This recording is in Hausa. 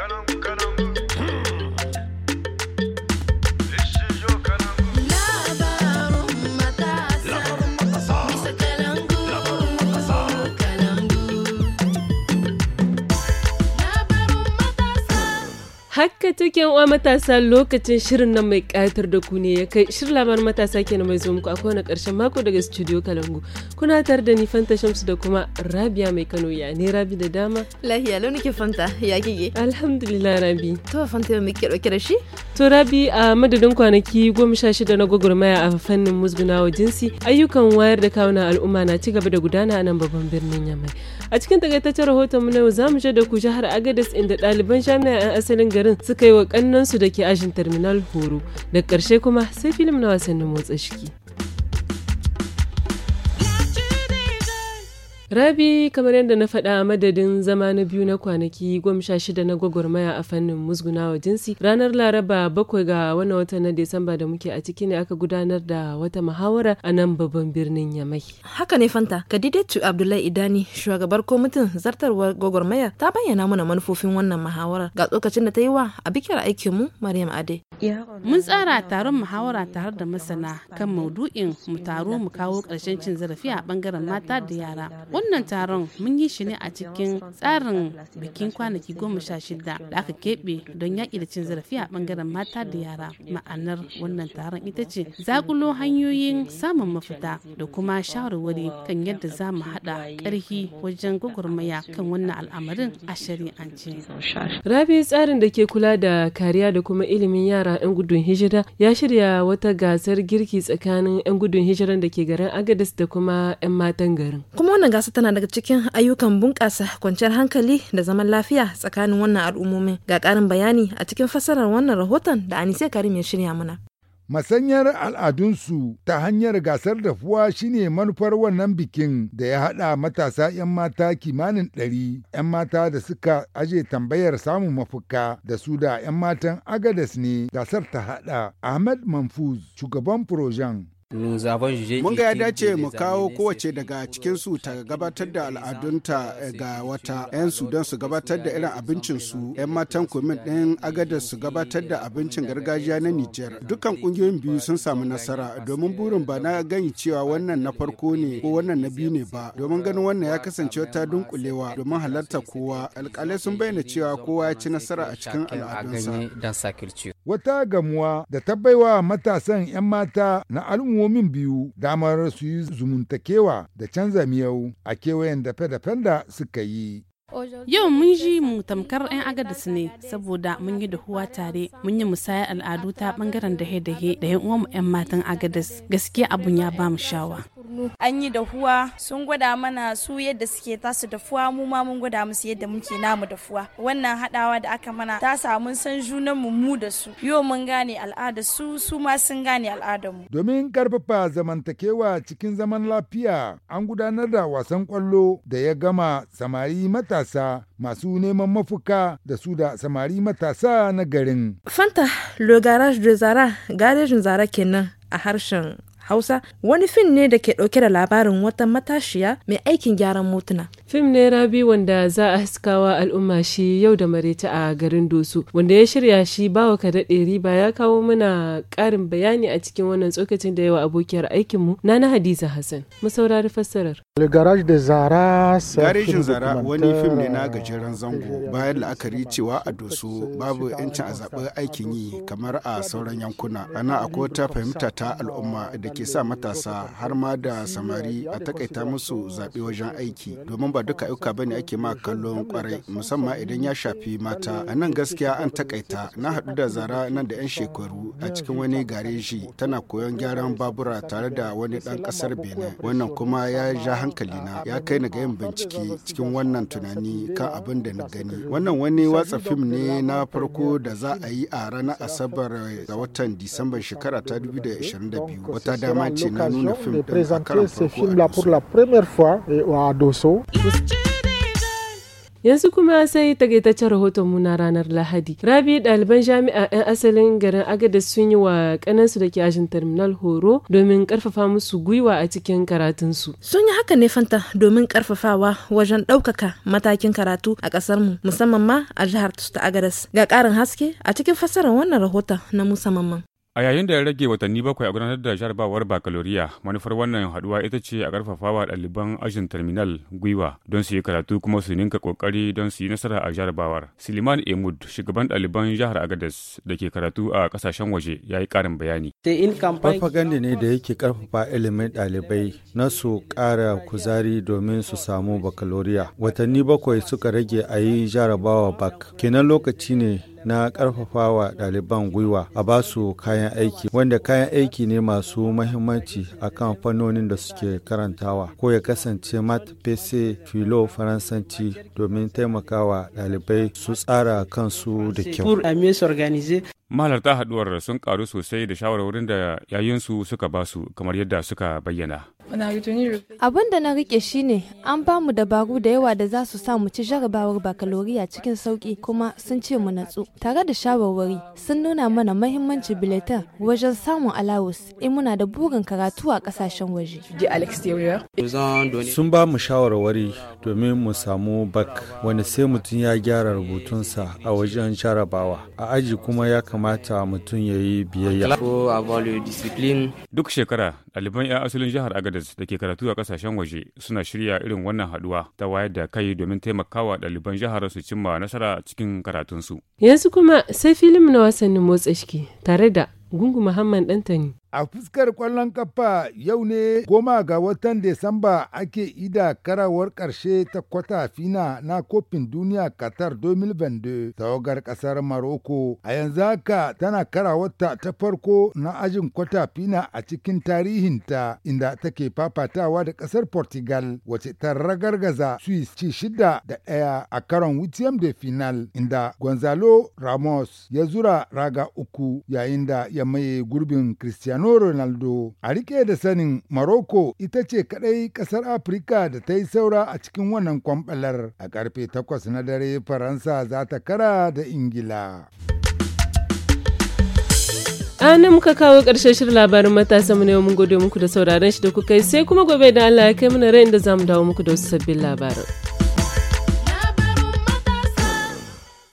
Caramba, caramba. Haka take wa matasa lokacin shirin nan mai ƙayatar da ku ne ya kai shirin labarin matasa kenan mai zuwa muku a kowane ƙarshen mako daga studio Kalangu. Kuna tare da ni Fanta Shamsu da kuma Rabia mai Kano ya ne Rabi da dama. Lahiya lau nake Fanta ya kike. Alhamdulillah Rabi. To Fanta mai muke kira da shi? To Rabi a madadin kwanaki goma sha shida na gwagwarmaya a fannin musgunawa jinsi ayyukan wayar da kawunan al'umma na ci gaba da gudana a nan babban birnin Yamai. A cikin takaitaccen rahoton mu na yau za mu je da ku jihar Agadez inda ɗaliban jami'a 'yan asalin garin ɗin suka yi wa kannansu da ke ajin terminal horo da ƙarshe kuma sai filim na wasannin motsa shiki. Rabi kamar yadda na faɗa madadin zama na biyu na kwanaki goma sha shida na gwagwarmaya a fannin musgunawa jinsi ranar laraba bakwai ga wannan wata na Desamba da muke a ciki ne aka gudanar da wata muhawara a nan babban birnin Yamai. Haka ne Fanta, Kadidatu Abdullahi Idani shugabar kwamitin zartarwar gwagwarmaya ta bayyana mana manufofin wannan muhawarar ga tsokacin da ta yi wa a bikin aikin mu Maryam Ade. Mun tsara taron muhawara tare da masana kan maudu'in mu taro mu kawo karshen cin zarafi a bangaren mata da yara. Wannan taron mun yi shi ne a cikin tsarin bikin kwanaki goma sha shida da aka keɓe don yaƙi da cin zarafi a ɓangaren mata da yara. Ma'anar wannan taron ita ce zakulo hanyoyin samun mafita da kuma shawarwari kan yadda za mu haɗa ƙarfi wajen gwagwarmaya kan wannan al'amarin a shari'ance. Rabi tsarin da ke kula da kariya da kuma ilimin yara 'yan gudun hijira ya shirya wata gasar girki tsakanin 'yan gudun hijiran da ke garin agadis da kuma 'yan matan garin. Kuma wannan gasa. tana daga cikin ayyukan bunƙasa kwanciyar hankali da zaman lafiya tsakanin wannan al'ummomin ga ƙarin bayani a cikin fassarar wannan rahoton da anise karim ya shirya mana Masanyar al'adunsu ta hanyar gasar dafuwa shine manufar wannan bikin da ya haɗa matasa 'yan mata kimanin ɗari 'yan mata da suka aje tambayar samun mafuka da su da 'yan matan Agadas ne gasar ta haɗa Ahmed Manfuz, shugaban Projan. Mun ga ya dace mu kawo kowace daga cikinsu ta gabatar da al'adunta ga wata 'yan Sudan su gabatar da irin abincin su 'yan matan kumin ɗin agadar su gabatar da abincin gargajiya na Nijar. Dukkan ƙungiyoyin biyu sun samu nasara domin burin ba na gani cewa wannan na farko ne ko wannan na biyu ne ba. Domin ganin wannan ya kasance wata dunkulewa domin halarta kowa. Alƙalai sun bayyana cewa kowa ya ci nasara a cikin al'adunsa. Wata gamuwa da ta matasan 'yan mata na al'umma hukumomin biyu damar su yi zumuntakewa da canza miyau a kewayen dafe-dafen da suka yi. Yau mun ji mu tamkar 'yan agadis ne saboda mun yi dahuwa tare mun yi musayar al'adu ta bangaren dahe-dahe da 'yan uwanmu 'yan matan agadas gaskiya abun ya ba mu shawa. an yi dahuwa sun gwada mana su yadda suke tasu dafuwa mu ma mun gwada musu yadda muke namu dafuwa wannan hadawa da aka mana ta samu san junan mu mu da su yau mun gane al'ada su su ma sun gane al'adar mu domin karfafa zamantakewa cikin zaman lafiya an gudanar da wasan kwallo da ya gama samari matasa masu neman mafuka da su da samari matasa na garin fanta le garage de zara garejin zara kenan a harshen Hausa wani fin ne da ke ɗauke da labarin wata matashiya mai aikin gyaran motuna. Fim ne rabi wanda za a haskawa al'umma shi yau da mareta a garin Doso, wanda ya shirya shi bawa ka daɗe riba ya kawo mana ƙarin bayani a cikin wannan tsokacin da yawa abokiyar aikinmu na na Hadiza Hassan. Mu saurari fassarar. Garejin Zara wani fim ne na gajeren zango bayan la'akari cewa a Doso babu 'yancin a zaɓi aikin yi kamar a sauran yankuna. Ana akwai ta fahimta ta al'umma da ke sa matasa har ma da samari a takaita musu zaɓe wajen aiki domin ba ba duka ayyuka bane ake ma kallon kwarai musamman idan ya shafi mata a nan gaskiya an takaita na haɗu da zara nan da 'yan shekaru a cikin wani gareji tana koyon gyaran babura tare da wani ɗan ƙasar benin wannan kuma ya ja hankali na ya kai ni ga yin bincike cikin wannan tunani kan abin da na gani wannan wani watsa fim ne na farko da za a yi a ranar asabar ga watan disamban shekara ta 2022 wata dama ce na nuna fim ɗin a karan farko a doso. Yanzu kuma sai takaitaccen rahotonmu na ranar Lahadi. Rabi ɗaliban jami'a 'yan asalin garin Agadez sun yi wa kanansu da ke ajin terminal horo domin karfafa musu gwiwa a cikin karatunsu. Sun yi haka ne fanta domin karfafawa wajen ɗaukaka matakin karatu a ƙasarmu musamman ma a jihar ta Agadez. Ga ƙarin haske a cikin fassarar wannan rahoton na musamman. A yayin da ya rage watanni bakwai a gudanar da jarabawar bakaloriya, manufar wannan haduwa ita ce a karfafawa ɗaliban ajin terminal gwiwa don su yi karatu kuma su ninka kokari don su yi nasara a jarabawar. Siliman Emud, shugaban ɗaliban jihar Agadez da ke karatu a kasashen waje, ya yi ƙarin bayani. Farfaganda ne da yake karfafa ilimin ɗalibai na su ƙara kuzari domin su samu bakaloriya. Watanni bakwai suka rage a yi jarabawa bak. Kenan lokaci ne na karfafa wa ɗaliban gwiwa a ba su kayan aiki wanda kayan aiki ne masu mahimmanci kan fannonin da suke karantawa ko ya kasance mat pese filo faransanci domin taimakawa ɗalibai su tsara kansu da kyau mahalarta haduwar sun karu sosai da shawarwarin da yayinsu suka basu kamar yadda suka bayyana Abin da na rike shine an ba mu dabaru da yawa da za su sa mu ci jarabawar bakaloriya cikin sauki kuma sun ce mu natsu. Tare da shawarwari sun nuna mana mahimmanci biletan wajen samun alawus in muna da burin karatu a kasashen waje. Sun ba mu shawarwari domin mu samu bak wani sai mutum ya gyara rubutunsa a wajen jarabawa a aji kuma ya kamata mutum ya yi biyayya. Duk shekara ɗaliban 'yan asalin jihar Agadez da ke karatu a kasashen waje suna shirya irin wannan haduwa ta wayar da kai domin taimakawa ɗaliban jihar su cimma nasara cikin karatunsu. Yanzu kuma sai filim na wasannin motsa shiki tare da Gungu Muhammad Ɗantani. A fuskar kwallon kafa yau ne goma ga watan Desamba ake ida karawar ƙarshe ta kwata fina na kofin duniya katar 2022 tawagar ƙasar Maroko. A yanzu haka tana karawarta ta farko na ajin kwata fina a cikin tarihinta inda take fafatawa da ƙasar Portugal wace ta ragargaza Swiss ci shida da ɗaya a karon Wittiam da final inda Gonzalo Ramos ya zura raga uku yayin da ya maye gurbin Cristiano Cristiano Ronaldo. A rike da sanin Morocco ita ce kadai kasar Afirka da ta yi saura a cikin wannan kwamɓalar. A karfe takwas na dare Faransa za ta kara da Ingila. nan muka kawo ƙarshen shirin labarin matasa mu ne mun gode muku da sauraron shi da kuka yi sai kuma gobe da Allah ya kai mana rai inda zamu dawo muku da wasu sabbin labarin.